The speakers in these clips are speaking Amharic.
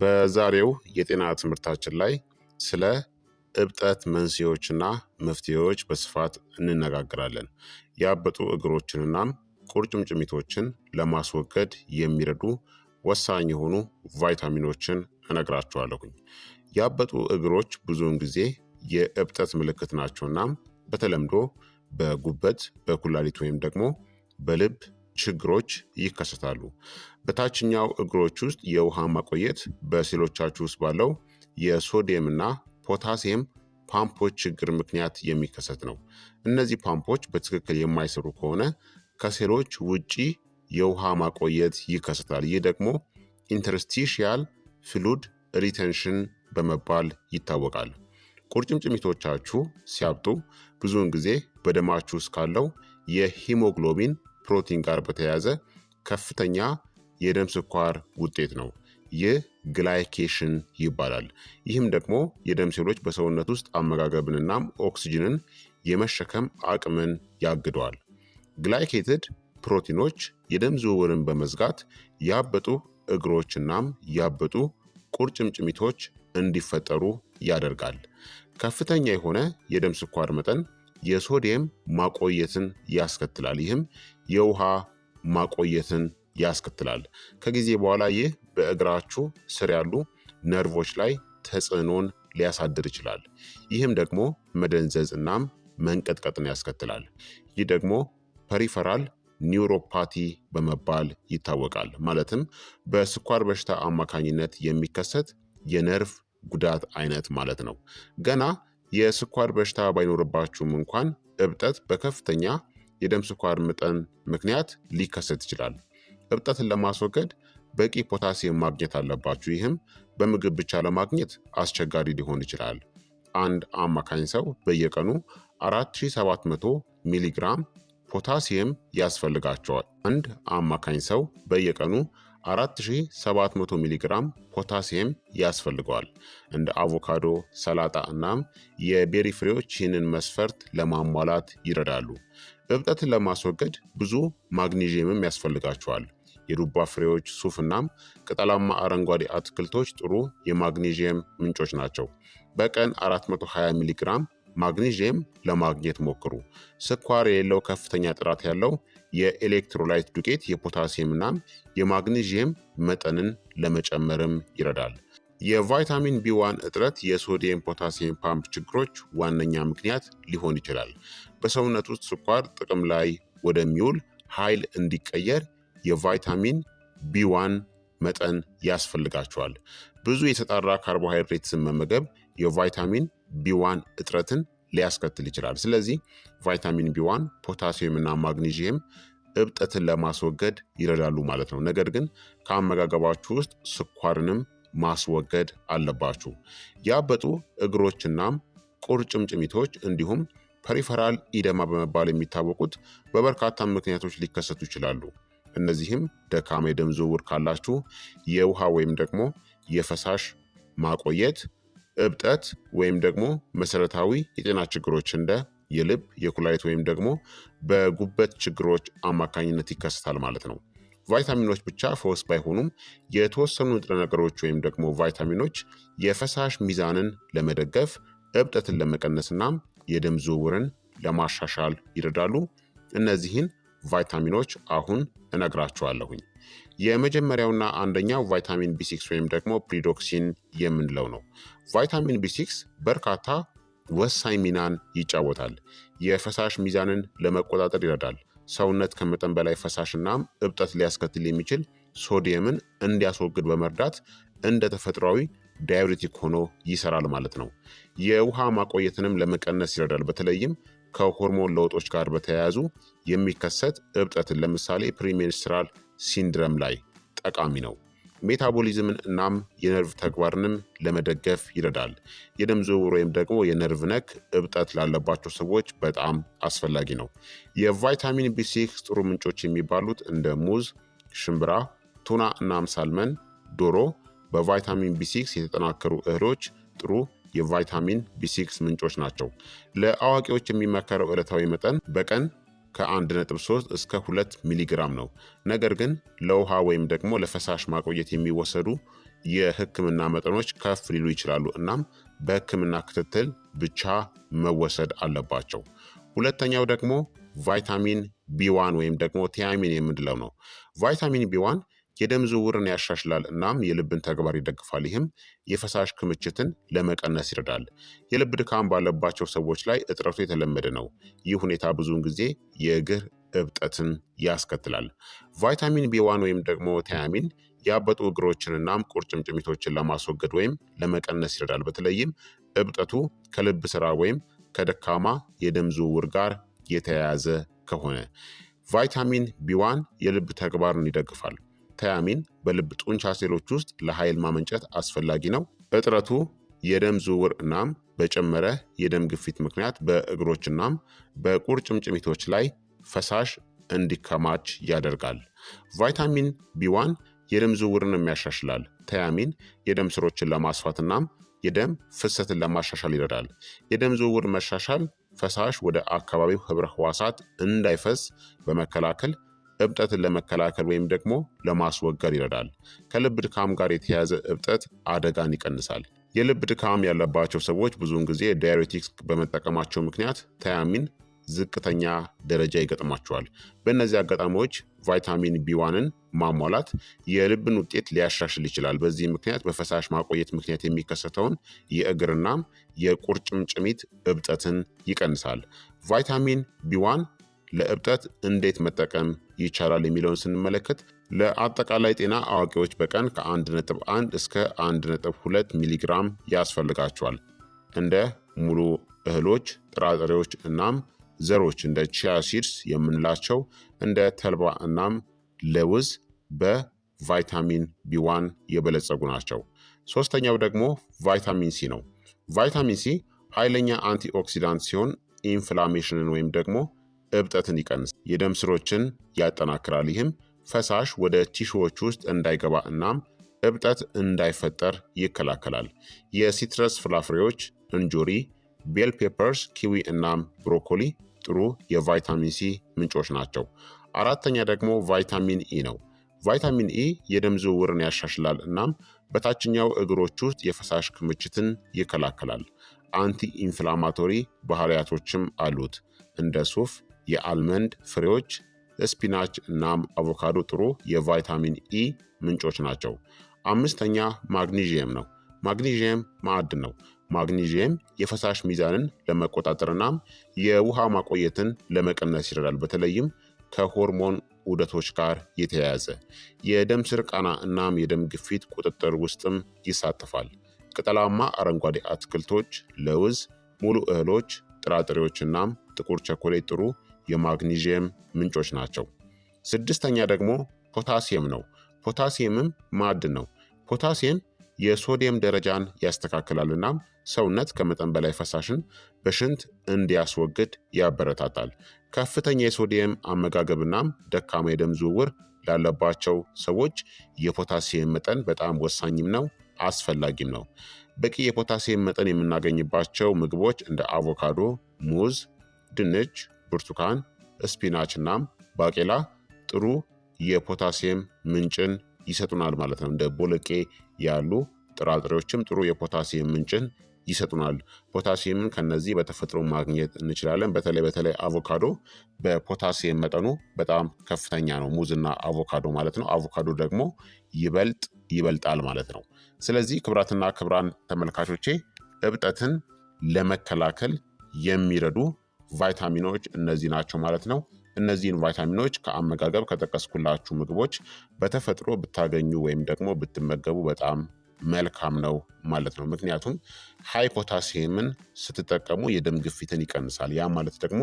በዛሬው የጤና ትምህርታችን ላይ ስለ እብጠት መንስኤዎችና መፍትሄዎች በስፋት እንነጋገራለን። ያበጡ እግሮችንናም ቁርጭምጭሚቶችን ለማስወገድ የሚረዱ ወሳኝ የሆኑ ቫይታሚኖችን እነግራችኋለሁኝ። ያበጡ እግሮች ብዙውን ጊዜ የእብጠት ምልክት ናቸውና በተለምዶ በጉበት፣ በኩላሊት ወይም ደግሞ በልብ ችግሮች ይከሰታሉ። በታችኛው እግሮች ውስጥ የውሃ ማቆየት በሴሎቻችሁ ውስጥ ባለው የሶዲየምና ፖታሲየም ፓምፖች ችግር ምክንያት የሚከሰት ነው። እነዚህ ፓምፖች በትክክል የማይሰሩ ከሆነ ከሴሎች ውጪ የውሃ ማቆየት ይከሰታል። ይህ ደግሞ ኢንተርስቲሽያል ፍሉድ ሪቴንሽን በመባል ይታወቃል። ቁርጭምጭሚቶቻችሁ ሲያብጡ ብዙውን ጊዜ በደማችሁ ውስጥ ካለው የሂሞግሎቢን ፕሮቲን ጋር በተያያዘ ከፍተኛ የደም ስኳር ውጤት ነው። ይህ ግላይኬሽን ይባላል። ይህም ደግሞ የደም ሴሎች በሰውነት ውስጥ አመጋገብንና ኦክስጅንን የመሸከም አቅምን ያግደዋል። ግላይኬትድ ፕሮቲኖች የደም ዝውውርን በመዝጋት ያበጡ እግሮችናም ያበጡ ቁርጭምጭሚቶች እንዲፈጠሩ ያደርጋል። ከፍተኛ የሆነ የደም ስኳር መጠን የሶዲየም ማቆየትን ያስከትላል። ይህም የውሃ ማቆየትን ያስከትላል። ከጊዜ በኋላ ይህ በእግራችሁ ስር ያሉ ነርቮች ላይ ተጽዕኖን ሊያሳድር ይችላል። ይህም ደግሞ መደንዘዝ እናም መንቀጥቀጥን ያስከትላል። ይህ ደግሞ ፐሪፈራል ኒውሮፓቲ በመባል ይታወቃል። ማለትም በስኳር በሽታ አማካኝነት የሚከሰት የነርቭ ጉዳት አይነት ማለት ነው። ገና የስኳር በሽታ ባይኖርባችሁም እንኳን እብጠት በከፍተኛ የደም ስኳር መጠን ምክንያት ሊከሰት ይችላል። እብጠትን ለማስወገድ በቂ ፖታሲየም ማግኘት አለባችሁ። ይህም በምግብ ብቻ ለማግኘት አስቸጋሪ ሊሆን ይችላል። አንድ አማካኝ ሰው በየቀኑ 4700 ሚሊግራም ፖታሲየም ያስፈልጋቸዋል። አንድ አማካኝ ሰው በየቀኑ 4700 ሚሊግራም ፖታሲየም ያስፈልገዋል። እንደ አቮካዶ፣ ሰላጣ እናም የቤሪ ፍሬዎች ይህንን መስፈርት ለማሟላት ይረዳሉ። እብጠትን ለማስወገድ ብዙ ማግኔዥየምም ያስፈልጋቸዋል። የዱባ ፍሬዎች፣ ሱፍ እናም ቅጠላማ አረንጓዴ አትክልቶች ጥሩ የማግኔዥየም ምንጮች ናቸው። በቀን 420 ሚሊግራም ማግኔዥየም ለማግኘት ሞክሩ። ስኳር የሌለው ከፍተኛ ጥራት ያለው የኤሌክትሮላይት ዱቄት የፖታሲየም እናም የማግኔዥየም መጠንን ለመጨመርም ይረዳል። የቫይታሚን ቢ እጥረት የሶዲየም ፖታሲየም ፓምፕ ችግሮች ዋነኛ ምክንያት ሊሆን ይችላል። በሰውነት ውስጥ ስኳር ጥቅም ላይ ወደሚውል ኃይል እንዲቀየር የቫይታሚን ቢ መጠን ያስፈልጋቸዋል። ብዙ የተጣራ ካርቦሃይድሬትስን መመገብ የቫይታሚን ቢዋን እጥረትን ሊያስከትል ይችላል። ስለዚህ ቫይታሚን ቢዋን ፖታሲየም እና ማግኒዥየም እብጠትን ለማስወገድ ይረዳሉ ማለት ነው። ነገር ግን ከአመጋገባችሁ ውስጥ ስኳርንም ማስወገድ አለባችሁ። ያበጡ እግሮችናም ቁርጭምጭሚቶች እንዲሁም ፐሪፈራል ኢደማ በመባል የሚታወቁት በበርካታ ምክንያቶች ሊከሰቱ ይችላሉ። እነዚህም ደካማ የደም ዝውውር ካላችሁ፣ የውሃ ወይም ደግሞ የፈሳሽ ማቆየት፣ እብጠት ወይም ደግሞ መሰረታዊ የጤና ችግሮች እንደ የልብ የኩላሊት ወይም ደግሞ በጉበት ችግሮች አማካኝነት ይከሰታል ማለት ነው። ቫይታሚኖች ብቻ ፈውስ ባይሆኑም የተወሰኑ ንጥረ ነገሮች ወይም ደግሞ ቫይታሚኖች የፈሳሽ ሚዛንን ለመደገፍ እብጠትን ለመቀነስ የደም ዝውውርን ለማሻሻል ይረዳሉ። እነዚህን ቫይታሚኖች አሁን እነግራችኋለሁኝ። የመጀመሪያውና አንደኛው ቫይታሚን ቢ6 ወይም ደግሞ ፕሪዶክሲን የምንለው ነው። ቫይታሚን ቢ6 በርካታ ወሳኝ ሚናን ይጫወታል። የፈሳሽ ሚዛንን ለመቆጣጠር ይረዳል። ሰውነት ከመጠን በላይ ፈሳሽና እብጠት ሊያስከትል የሚችል ሶዲየምን እንዲያስወግድ በመርዳት እንደ ተፈጥሯዊ ዳዩሪቲክ ሆኖ ይሰራል ማለት ነው። የውሃ ማቆየትንም ለመቀነስ ይረዳል። በተለይም ከሆርሞን ለውጦች ጋር በተያያዙ የሚከሰት እብጠትን ለምሳሌ ፕሪሜንስትራል ሲንድረም ላይ ጠቃሚ ነው። ሜታቦሊዝምን እናም የነርቭ ተግባርንም ለመደገፍ ይረዳል። የደም ዝውውር ወይም ደግሞ የነርቭ ነክ እብጠት ላለባቸው ሰዎች በጣም አስፈላጊ ነው። የቫይታሚን ቢ ጥሩ ምንጮች የሚባሉት እንደ ሙዝ፣ ሽምብራ፣ ቱና እናም ሳልመን፣ ዶሮ በቫይታሚን ቢ የተጠናከሩ እህሎች ጥሩ የቫይታሚን ቢ ምንጮች ናቸው። ለአዋቂዎች የሚመከረው ዕለታዊ መጠን በቀን ከ1.3 እስከ 2 ሚሊግራም ነው። ነገር ግን ለውሃ ወይም ደግሞ ለፈሳሽ ማቆየት የሚወሰዱ የህክምና መጠኖች ከፍ ሊሉ ይችላሉ። እናም በህክምና ክትትል ብቻ መወሰድ አለባቸው። ሁለተኛው ደግሞ ቫይታሚን ቢዋን ወይም ደግሞ ቲያሚን የምንለው ነው። ቫይታሚን ቢዋን የደም ዝውውርን ያሻሽላል እናም የልብን ተግባር ይደግፋል። ይህም የፈሳሽ ክምችትን ለመቀነስ ይረዳል። የልብ ድካም ባለባቸው ሰዎች ላይ እጥረቱ የተለመደ ነው። ይህ ሁኔታ ብዙውን ጊዜ የእግር እብጠትን ያስከትላል። ቫይታሚን ቢዋን ወይም ደግሞ ታያሚን ያበጡ እግሮችን እናም ቁርጭምጭሚቶችን ለማስወገድ ወይም ለመቀነስ ይረዳል። በተለይም እብጠቱ ከልብ ስራ ወይም ከደካማ የደም ዝውውር ጋር የተያያዘ ከሆነ ቫይታሚን ቢዋን የልብ ተግባርን ይደግፋል። ተያሚን በልብ ጡንቻ ሴሎች ውስጥ ለኃይል ማመንጨት አስፈላጊ ነው። እጥረቱ የደም ዝውውር እናም በጨመረ የደም ግፊት ምክንያት በእግሮች እናም በቁርጭምጭሚቶች ላይ ፈሳሽ እንዲከማች ያደርጋል። ቫይታሚን ቢዋን የደም ዝውውርንም ያሻሽላል። ተያሚን የደም ስሮችን ለማስፋት እናም የደም ፍሰትን ለማሻሻል ይረዳል። የደም ዝውውር መሻሻል ፈሳሽ ወደ አካባቢው ህብረ ህዋሳት እንዳይፈስ በመከላከል እብጠትን ለመከላከል ወይም ደግሞ ለማስወገድ ይረዳል። ከልብ ድካም ጋር የተያያዘ እብጠት አደጋን ይቀንሳል። የልብ ድካም ያለባቸው ሰዎች ብዙውን ጊዜ ዳይሬቲክስ በመጠቀማቸው ምክንያት ታያሚን ዝቅተኛ ደረጃ ይገጥማቸዋል። በእነዚህ አጋጣሚዎች ቫይታሚን ቢዋንን ማሟላት የልብን ውጤት ሊያሻሽል ይችላል። በዚህ ምክንያት በፈሳሽ ማቆየት ምክንያት የሚከሰተውን የእግርናም የቁርጭምጭሚት እብጠትን ይቀንሳል። ቫይታሚን ቢዋን ለእብጠት እንዴት መጠቀም ይቻላል የሚለውን ስንመለከት ለአጠቃላይ ጤና አዋቂዎች በቀን ከ1.1 እስከ 1.2 ሚሊግራም ያስፈልጋቸዋል። እንደ ሙሉ እህሎች፣ ጥራጥሬዎች እናም ዘሮች እንደ ቺያ ሲድስ የምንላቸው እንደ ተልባ እናም ለውዝ በቫይታሚን ቢዋን የበለጸጉ ናቸው። ሶስተኛው ደግሞ ቫይታሚን ሲ ነው። ቫይታሚን ሲ ኃይለኛ አንቲኦክሲዳንት ሲሆን ኢንፍላሜሽንን ወይም ደግሞ እብጠትን ይቀንሳል፣ የደም ስሮችን ያጠናክራል። ይህም ፈሳሽ ወደ ቲሹዎች ውስጥ እንዳይገባ እናም እብጠት እንዳይፈጠር ይከላከላል። የሲትረስ ፍራፍሬዎች እንጆሪ፣ ቤል ፔፐርስ፣ ኪዊ እናም ብሮኮሊ ጥሩ የቫይታሚን ሲ ምንጮች ናቸው። አራተኛ ደግሞ ቫይታሚን ኢ ነው። ቫይታሚን ኢ የደም ዝውውርን ያሻሽላል እናም በታችኛው እግሮች ውስጥ የፈሳሽ ክምችትን ይከላከላል። አንቲ ኢንፍላማቶሪ ባህሪያቶችም አሉት እንደ ሱፍ የአልመንድ ፍሬዎች፣ ስፒናች እናም አቮካዶ ጥሩ የቫይታሚን ኢ ምንጮች ናቸው። አምስተኛ ማግኒዥየም ነው። ማግኒዥየም ማዕድን ነው። ማግኒዥየም የፈሳሽ ሚዛንን እናም የውሃ ማቆየትን ለመቀነስ ይረዳል፣ በተለይም ከሆርሞን ውደቶች ጋር የተያያዘ የደም ስር ቃና እናም የደም ግፊት ቁጥጥር ውስጥም ይሳተፋል። ቅጠላማ አረንጓዴ አትክልቶች፣ ለውዝ፣ ሙሉ እህሎች፣ ጥራጥሬዎች እናም ጥቁር ቸኮሌት ጥሩ የማግኒዥየም ምንጮች ናቸው። ስድስተኛ ደግሞ ፖታሲየም ነው። ፖታሲየምም ማዕድን ነው። ፖታሲየም የሶዲየም ደረጃን ያስተካክላል እናም ሰውነት ከመጠን በላይ ፈሳሽን በሽንት እንዲያስወግድ ያበረታታል። ከፍተኛ የሶዲየም አመጋገብ ደካማ የደም ዝውውር ላለባቸው ሰዎች የፖታሲየም መጠን በጣም ወሳኝም ነው አስፈላጊም ነው። በቂ የፖታሲየም መጠን የምናገኝባቸው ምግቦች እንደ አቮካዶ፣ ሙዝ፣ ድንች፣ ብርቱካን፣ ስፒናች እናም ባቄላ ጥሩ የፖታሲየም ምንጭን ይሰጡናል ማለት ነው። እንደ ቦለቄ ያሉ ጥራጥሬዎችም ጥሩ የፖታሲየም ምንጭን ይሰጡናል። ፖታሲየምን ከነዚህ በተፈጥሮ ማግኘት እንችላለን። በተለይ በተለይ አቮካዶ በፖታሲየም መጠኑ በጣም ከፍተኛ ነው፣ ሙዝና አቮካዶ ማለት ነው። አቮካዶ ደግሞ ይበልጥ ይበልጣል ማለት ነው። ስለዚህ ክብራትና ክብራን ተመልካቾቼ እብጠትን ለመከላከል የሚረዱ ቫይታሚኖች እነዚህ ናቸው ማለት ነው። እነዚህን ቫይታሚኖች ከአመጋገብ ከጠቀስኩላችሁ ምግቦች በተፈጥሮ ብታገኙ ወይም ደግሞ ብትመገቡ በጣም መልካም ነው ማለት ነው። ምክንያቱም ሃይፖታሲየምን ስትጠቀሙ የደም ግፊትን ይቀንሳል። ያ ማለት ደግሞ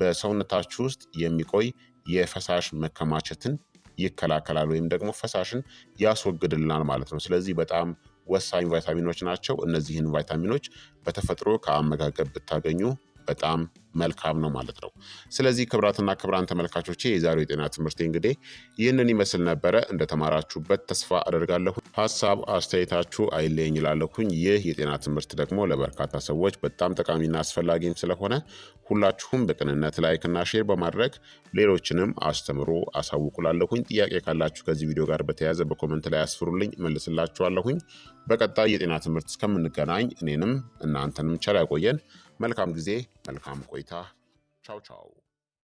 በሰውነታችሁ ውስጥ የሚቆይ የፈሳሽ መከማቸትን ይከላከላል ወይም ደግሞ ፈሳሽን ያስወግድልናል ማለት ነው። ስለዚህ በጣም ወሳኝ ቫይታሚኖች ናቸው። እነዚህን ቫይታሚኖች በተፈጥሮ ከአመጋገብ ብታገኙ በጣም መልካም ነው ማለት ነው። ስለዚህ ክብራትና ክብራን ተመልካቾቼ የዛሬው የጤና ትምህርቴ እንግዲህ ይህንን ይመስል ነበረ። እንደተማራችሁበት ተስፋ አደርጋለሁ። ሀሳብ አስተያየታችሁ አይለኝ ይላለሁኝ። ይህ የጤና ትምህርት ደግሞ ለበርካታ ሰዎች በጣም ጠቃሚና አስፈላጊም ስለሆነ ሁላችሁም በቅንነት ላይክና ሼር በማድረግ ሌሎችንም አስተምሮ አሳውቁላለሁኝ። ጥያቄ ካላችሁ ከዚህ ቪዲዮ ጋር በተያያዘ በኮመንት ላይ አስፍሩልኝ፣ መልስላችኋለሁኝ። በቀጣይ የጤና ትምህርት እስከምንገናኝ እኔንም እናንተንም ቸር ያቆየን። መልካም ጊዜ፣ መልካም ቆይታ። ቻው ቻው